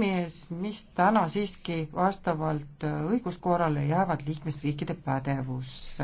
mees, mis täna siiski vastavalt õiguskorrale jäävad liikmesriikide pädevusse.